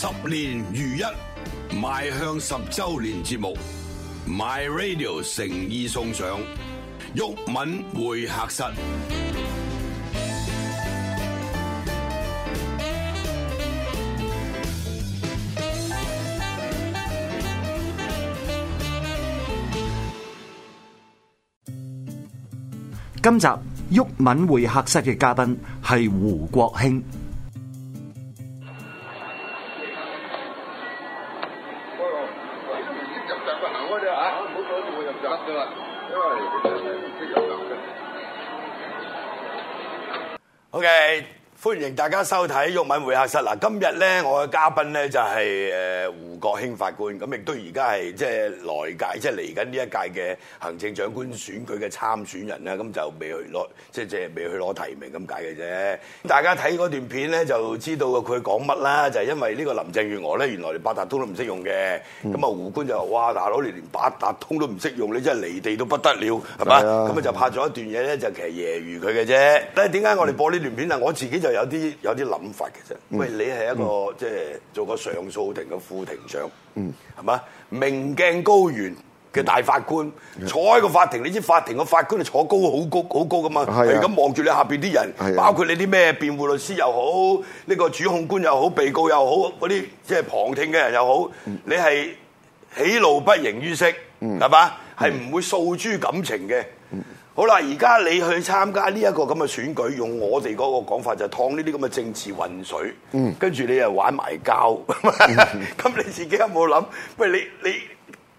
十年如一，邁向十周年節目，My Radio 誠意送上。毓民會客室。今集毓民會客室嘅嘉賓係胡國興。大家收睇《毓民會客室》嗱，今日咧，我嘅嘉賓咧就係、是、誒。國興法官咁亦都而家係即係來屆，即係嚟緊呢一屆嘅行政長官選舉嘅參選人啦，咁就未去攞，即係即係未去攞提名咁解嘅啫。大家睇嗰段片咧，就知道佢講乜啦，就係、是、因為呢個林鄭月娥咧，原來八達通都唔識用嘅，咁啊、嗯、胡官就話：哇，大佬你連八達通都唔識用，你真係離地都不得了，係嘛是、啊？咁啊就拍咗一段嘢咧，就其實揶揄佢嘅啫。但係點解我哋播呢段片啊？嗯、我自己就有啲有啲諗法嘅啫。餵，你係一個、嗯、即係做個上訴庭嘅副庭。嗯，係嘛？明鏡高懸嘅大法官、嗯嗯、坐喺個法庭，你知法庭個法官係坐高好高好高噶嘛？係咁望住你下邊啲人，的包括你啲咩辯護律師又好，呢的個主控官又好，被告又好，嗰啲即係旁聽嘅人又好，嗯、你係喜怒不形於色，係嘛？係唔會訴諸感情嘅。好啦，而家你去參加呢一個咁嘅選舉，用我哋嗰個講法就係淌呢啲咁嘅政治渾水，嗯，跟住你又玩埋膠，咁、嗯、 你自己有冇諗？喂，你你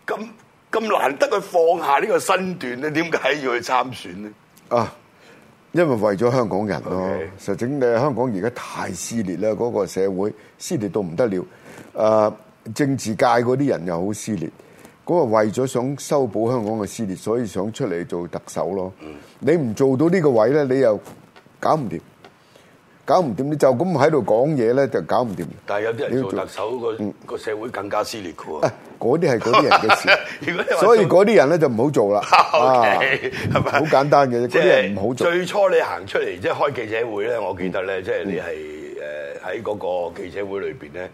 咁咁難得去放下呢個身段咧，點解要去參選咧？啊，因為為咗香港人咯，Okay. 實整個香港而家太撕裂啦，嗰、那個社會撕裂到唔得了，啊、呃，政治界嗰啲人又好撕裂。嗰個為咗想修補香港嘅撕裂，所以想出嚟做特首咯。你唔做到呢個位咧，你又搞唔掂，搞唔掂你就咁喺度講嘢咧，就搞唔掂。但係有啲人做特首個個社會更加撕裂，嗰啲係嗰啲人嘅事。所以嗰啲人咧就唔好做啦。係咪？好簡單嘅，啲人唔好做。最初你行出嚟即係開記者會咧，我記得咧，即係你係喺嗰個記者會裏面咧。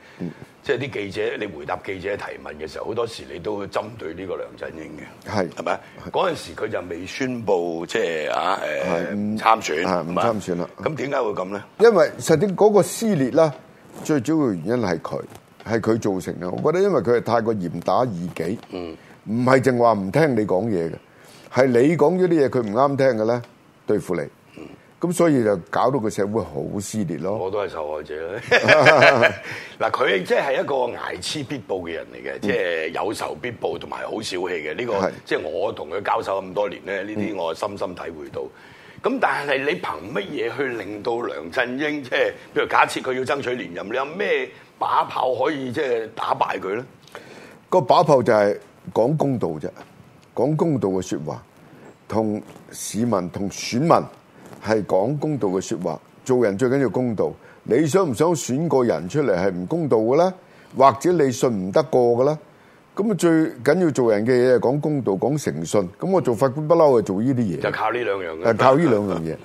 即係啲記者，你回答記者提問嘅時候，好多時你都會針對呢個梁振英嘅。係係咪？嗰陣時佢就未宣布，即係啊，唔參選啊，唔參選啦。咁點解會咁咧？因為實質嗰個撕裂啦，最主要嘅原因係佢，係佢造成嘅。我覺得因為佢係太過嚴打異己，嗯，唔係淨話唔聽你講嘢嘅，係你講咗啲嘢佢唔啱聽嘅咧，對付你。咁所以就搞到個社會好撕裂咯。我都係受害者 啦。嗱，佢即係一個睚眥必報嘅人嚟嘅，即係、嗯、有仇必報，同埋好小氣嘅。呢、呢個是 即係我同佢交手咁多年咧，呢啲我深深體會到。咁、嗯、但係你憑乜嘢去令到梁振英即係，就是、譬如假設佢要爭取連任，你有咩把炮可以即係打敗佢咧？個把炮就係講公道啫，講公道嘅説話，同市民同選民。係講公道嘅説話，做人最緊要公道。你想唔想選個人出嚟係唔公道嘅咧？或者你信唔得過嘅咧？咁啊，最緊要做人嘅嘢係講公道、講誠信。咁我做法官不嬲係做呢啲嘢，就靠呢兩樣，誒，靠呢兩樣嘢。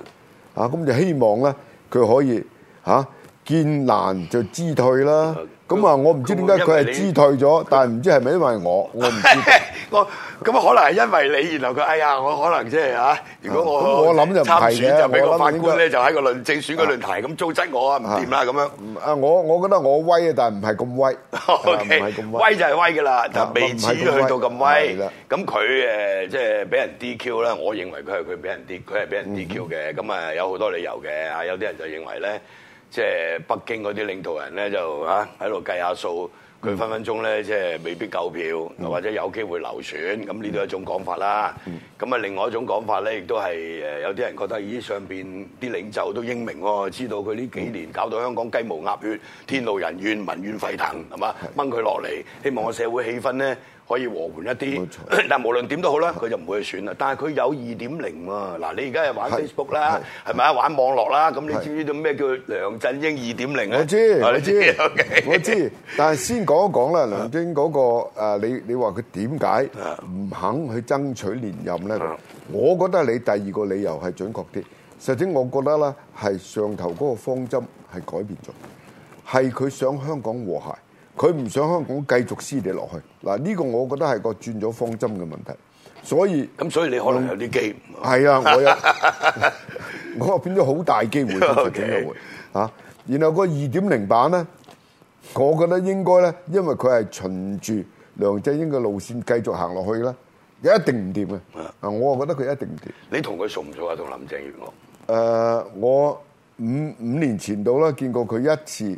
啊，咁就希望咧，佢可以吓見難就知退啦。咁啊，我唔知點解佢係知退咗，但係唔知係咪因為我，我唔知。咁啊，可能係因為你，然後佢，哎呀，我可能即、就、係、是、如果我參選，啊嗯、我就俾個法官咧、啊，就喺個論政選嘅論壇咁糟質我，唔掂啦咁樣。啊，樣我我覺得我威，但係唔係咁威。啊、o、okay, K，威，威就係威嘅啦、啊，就未至於去到咁威。咁佢即係俾人 D Q 啦。我認為佢係佢俾人 D，佢俾人 D Q 嘅。咁啊、嗯，有好多理由嘅。啊，有啲人就認為咧，即、就、係、是、北京嗰啲領導人咧，就喺度計下數。佢分分鐘咧，即係未必夠票，或者有機會流選，咁呢都係一種講法啦。咁啊，另外一種講法咧，亦都係有啲人覺得，咦，上面啲領袖都英明喎，知道佢呢幾年搞到香港雞毛鴨血，天怒人怨民，民怨沸騰，係嘛？掹佢落嚟，希望個社會氣氛咧，可以和緩一啲，但無論點都好啦，佢就唔會去選啦。但係佢有二點零喎，嗱，你而家又玩 Facebook 啦，係咪啊？玩網絡啦？咁你知唔知道咩叫梁振英二點零啊？我知，我知，我知。但係先講一講啦，梁振英嗰個誒，你你話佢點解唔肯去爭取連任咧？我覺得你第二個理由係準確啲。實質我覺得咧，係上頭嗰個方針係改變咗，係佢想香港和諧。佢唔想香港繼續撕裂落去，嗱、這、呢個我覺得係個轉咗方針嘅問題，所以咁所以你可能有啲機，係啊、嗯，我有， 我啊變咗好大機會，啊，Okay. 然後嗰個二點零版咧，我覺得應該咧，因為佢係循住梁振英嘅路線繼續行落去啦，一定唔掂嘅，啊， 我啊覺得佢一定唔掂，你同佢熟唔熟啊？同林鄭月娥？誒、呃，我五五年前度啦，見過佢一次。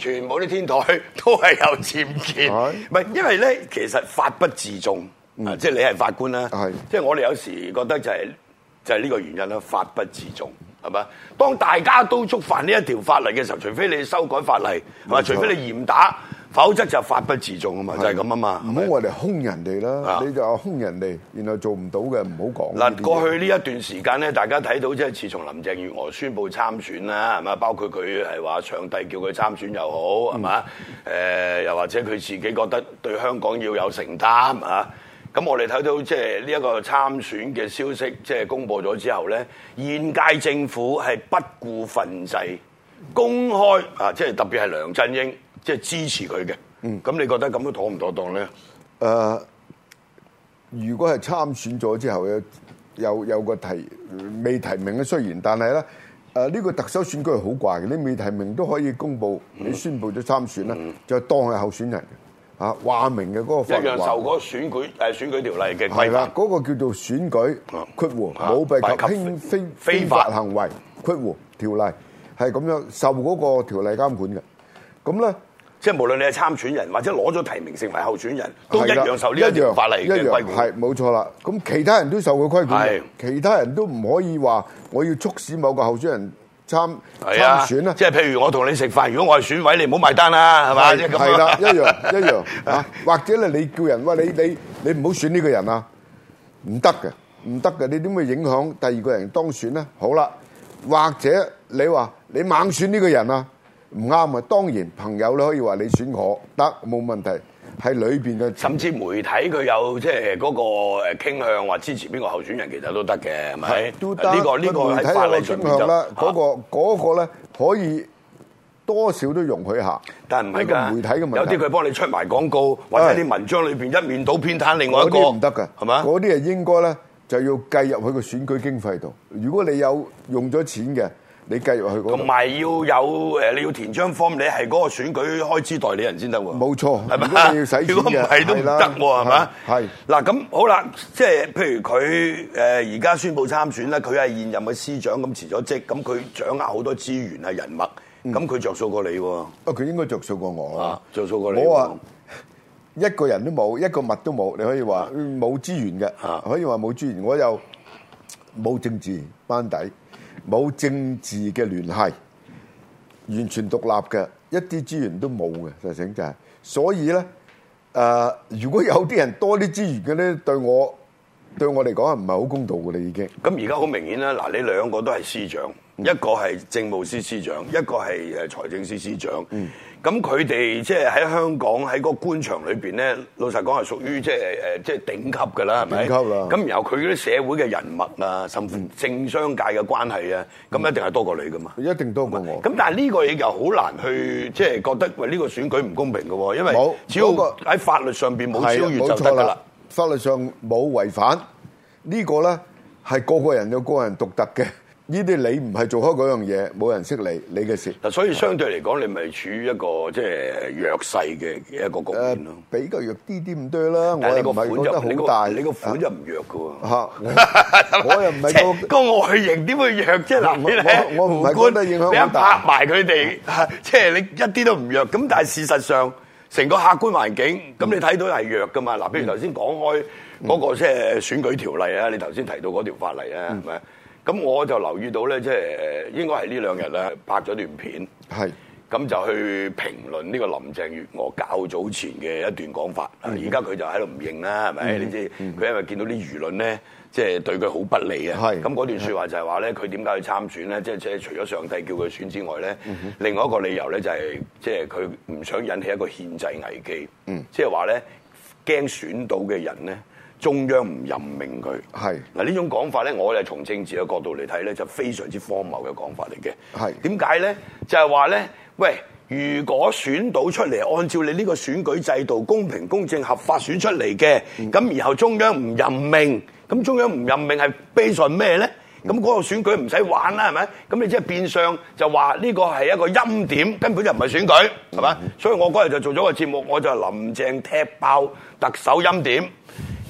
全部啲天台都係有僭建是的，唔係因為咧，其實法不自重啊，嗯、即係你係法官啦，是的 即係我哋有時覺得就係、是、就係、是、呢個原因啦，法不自重係咪？當大家都觸犯呢一條法例嘅時候，除非你修改法例，同沒錯 除非你嚴打。否則就法不自重啊嘛，就係咁啊嘛，唔好為嚟兇人哋啦，的你就話兇人哋，然後做唔到嘅唔好講。嗱，過去呢一段時間咧，大家睇到即係，自從林鄭月娥宣布參選啦，係嘛，包括佢係話上帝叫佢參選又好，係嘛、嗯呃，又或者佢自己覺得對香港要有承擔啊，咁我哋睇到即係呢一個參選嘅消息即係公佈咗之後咧，現屆政府係不顧份制，公開啊，即係特別係梁振英。即係支持佢嘅，嗯，咁你覺得咁都妥唔妥當咧？誒，如果係參選咗之後咧，有有個提未提名嘅，雖然，但係咧，誒呢個特首選舉係好怪嘅，你未提名都可以公布，你宣布咗參選啦，就當係候選人啊，話明嘅嗰個一樣受嗰個選舉誒選舉條例嘅規範，係喇，嗰個叫做選舉括弧，舞弊及輕非非法行為括弧條例，係咁樣受嗰個條例監管嘅，咁咧。即係無論你係參選人或者攞咗提名成為候選人，都一樣受呢一,一樣法例嘅規管。係冇錯啦，咁其他人都受個規管嘅，其他人都唔可以話我要促使某個候選人參參的選啊。即係譬如我同你食飯，如果我係選委，你唔好埋單啦，係嘛？係啦，一樣一樣啊。一一樣 或者咧，你叫人喂你你你唔好選呢個人啊，唔得嘅，唔得嘅，你點會影響第二個人當選咧？好啦，或者你話你猛選呢個人啊？唔啱啊！當然朋友咧，可以話你選我得，冇問題，喺裏面嘅甚至媒體佢有即係嗰個傾向話支持邊個候選人，其實都得嘅，係咪對？都得呢個呢、呢個喺法律上邊啦。嗰個呢，咧可以多少都容許下，但係唔係個媒體嘅問題。有啲佢幫你出埋廣告或者啲文章裏面一面倒偏袒的另外一個，唔得嘅係嘛？嗰啲係應該咧就要計入佢個選舉經費度。如果你有用咗錢嘅。你繼續去嗰，同埋要有你要填張 form，你係嗰個選舉開支代理人先得喎。冇錯，係咪？如果唔使錢嘅，係啦，係嗱，咁好啦，即係譬如佢而家宣布參選咧，佢係現任嘅司長，咁辭咗職，咁佢掌握好多資源啊、人物，咁佢着數過你喎。哦，佢應該着數過我啦，着數過你。我話一個人都冇，一個物都冇，你可以話冇資源嘅，可以話冇資源。我又冇政治班底。冇政治嘅聯繫，完全獨立嘅，一啲資源都冇嘅，實情就係就係。所以咧，誒、呃，如果有啲人多啲資源嘅咧，對我對我嚟講係唔係好公道㗎啦？你已經。咁而家好明顯啦，嗱，你兩個都係司長，嗯、一個係政務司司長，一個係誒財政司司長。嗯咁佢哋即係喺香港喺個官場裏面咧，老實講係屬於即係即係頂級嘅啦，係咪？頂級啦！咁然後佢嗰啲社會嘅人物啊，甚至政商界嘅關係啊，咁、嗯、一定係多過你噶嘛？一定多過我。咁但係呢個嘢又好難去即係覺得喂呢個選舉唔公平嘅喎，因為只要喺法律上面冇超越就得啦。法律上冇違反呢、呢個咧係個個人有個人獨特嘅。呢啲你唔係做開嗰樣嘢，冇人識你，你嘅事。嗱，所以相對嚟講，你咪處於一個即係弱勢嘅一個局面、呃、比較弱啲啲咁多啦，我又唔係覺得好大，你個款又唔弱噶喎。我又唔係個個外形點會弱？即係嗱，我我唔關你壓埋佢哋，即、就、係、是、你一啲都唔弱。咁但係事實上，成個客觀環境，咁、嗯、你睇到係弱噶嘛？嗱、嗯，譬如頭先講開嗰個即係選舉條例啊，嗯、你頭先提到嗰條法例啊，係咪、嗯？咁我就留意到咧，即係應該係呢兩日咧拍咗段片，咁就是 去評論呢個林鄭月娥較早前嘅一段講法。而家佢就喺度唔認啦，係咪？你知佢因為見到啲輿論咧，即係對佢好不利啊。咁嗰是的 段說話就係話咧，佢點解去參選咧？即係即係除咗上帝叫佢選之外咧，另外一個理由咧就係即係佢唔想引起一個憲制危機。即係話咧，驚選到嘅人咧。中央唔任命佢，係嗱呢種講法咧，我又從政治嘅角度嚟睇咧，就是、非常之荒謬嘅講法嚟嘅。係點解咧？就係話咧，喂，如果選到出嚟，按照你呢個選舉制度公平、公正、合法選出嚟嘅，咁、嗯、然後中央唔任命，咁中央唔任命係基於咩咧？咁、那、嗰個選舉唔使玩啦，係咪？咁你即係變相就話呢個係一個欽點，根本就唔係選舉，係嘛？嗯、所以我嗰日就做咗個節目，我就林鄭踢爆特首欽點。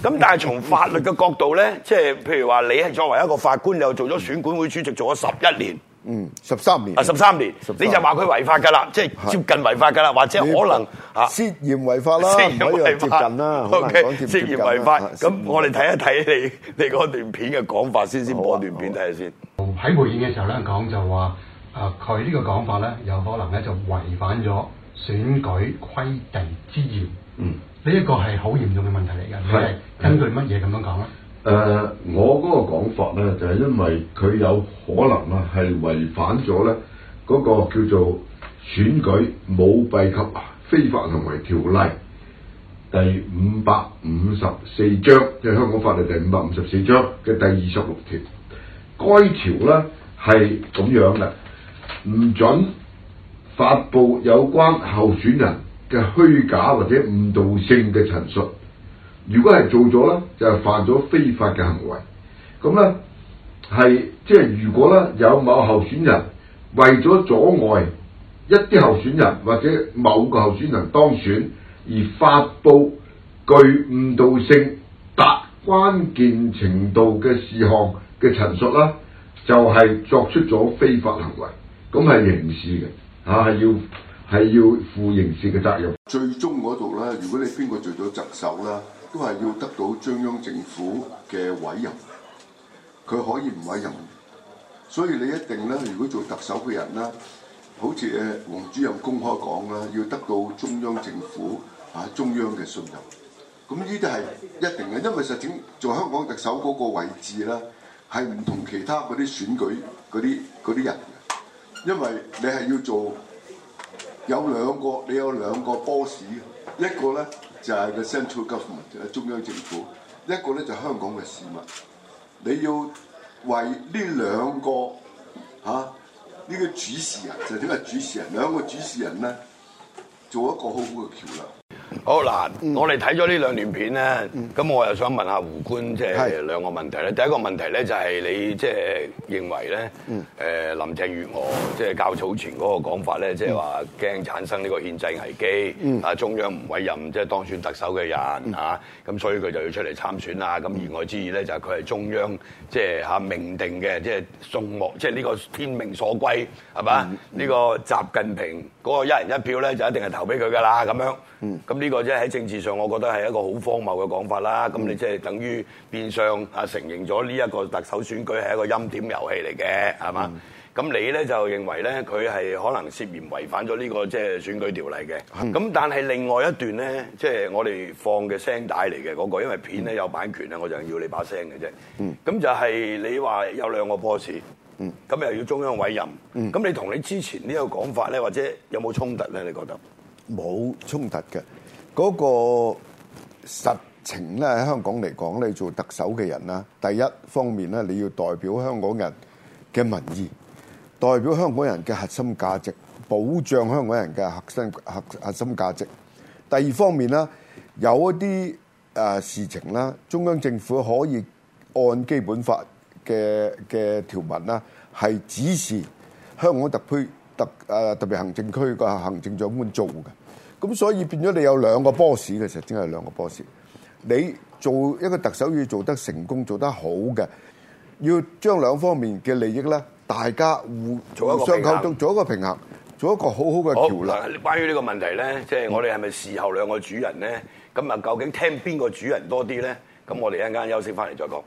咁但係從法律嘅角度咧，即係譬如話你係作為一個法官，你又做咗選管會主席做咗十一年，嗯，十三年啊十三年，年你就話佢違法噶啦，即係對接近違法噶啦，對或者可能吓涉嫌違法啦，涉嫌違法啦，可以涉嫌違法。咁我哋睇一睇你你嗰段片嘅講法先，先播一段片睇下先。喺回應嘅時候咧，講就話啊，佢呢個講法咧，有可能咧就違反咗選舉規定之言，嗯。呢一個係好嚴重嘅問題嚟嘅。係根據乜嘢咁樣講啊？誒、嗯呃，我嗰個講法咧，就係、是、因為佢有可能啊，係違反咗咧嗰個叫做選舉舞弊及非法行為條例第五百五十四章，即、就、係、是、香港法律第五百五十四章嘅第二十六條。該條咧係咁樣嘅，唔准發布有關候選人。嘅虛假或者誤導性嘅陳述，如果係做咗咧，就係、是、犯咗非法嘅行為。咁咧係即係如果咧有某候選人為咗阻礙一啲候選人或者某個候選人當選而發布具誤導性達關鍵程度嘅事項嘅陳述啦，就係、是、作出咗非法行為，咁係刑事嘅嚇，係、啊、要。係要負刑事嘅責任。最終嗰度咧，如果你邊個做咗特首咧，都係要得到中央政府嘅委任，佢可以唔委任。所以你一定咧，如果做特首嘅人啦，好似誒王主任公開講啦，要得到中央政府啊中央嘅信任。咁呢啲係一定嘅，因為實情做香港特首嗰個位置咧，係唔同其他嗰啲選舉嗰啲啲人嘅，因為你係要做。有兩個你有兩個 boss，一個咧就係、是、個 central government 就係中央政府，一個咧就是、香港嘅市民。你要為呢兩個吓呢、啊這個主持人就點、是、啊主持人兩個主持人咧做一個好好嘅橋樑。好嗱，我哋睇咗呢兩段片咧，咁我又想問下胡官即係兩個問題咧。第一個問題咧就係你即係認為咧，誒林鄭月娥即係較早前嗰個講法咧，即係話驚產生呢個憲制危機，啊中央唔委任即係當選特首嘅人啊，咁所以佢就要出嚟參選啦。咁言外之意咧就係佢係中央即係下命定嘅，即係眾望，即係呢個天命所歸，係嘛？呢個習近平嗰個一人一票咧就一定係投俾佢㗎啦，咁樣，咁。呢個啫喺政治上，我覺得係一個好荒謬嘅講法啦。咁你即係等於變相啊承認咗呢一個特首選舉係一個欽點遊戲嚟嘅，係嘛、嗯？咁你咧就認為咧佢係可能涉嫌違反咗呢個即係選舉條例嘅。咁、嗯、但係另外一段咧，即、就、係、是、我哋放嘅聲帶嚟嘅嗰個，因為片咧有版權咧，我就要你把聲嘅啫。咁、嗯、就係你話有兩個 boss，咁、嗯、又要中央委任，咁、嗯、你同你之前呢個講法咧，或者有冇衝突咧？你覺得？冇衝突嘅嗰個實情咧，喺香港嚟講咧，你做特首嘅人啦，第一方面咧，你要代表香港人嘅民意，代表香港人嘅核心價值，保障香港人嘅核心核核心價值。第二方面咧，有一啲誒事情啦，中央政府可以按基本法嘅嘅條文啦，係指示香港特區。特誒特別行政區個行政長官做嘅，咁所以變咗你有兩個 boss 嘅時候，實質係兩個 boss。你做一個特首要做得成功、做得好嘅，要將兩方面嘅利益咧，大家互互相溝通，做一個平衡，做一個好好嘅橋樑。關於呢個問題咧，即係我哋係咪侍候兩個主人咧？咁啊，究竟聽邊個主人多啲咧？咁我哋一陣間休息翻嚟再講。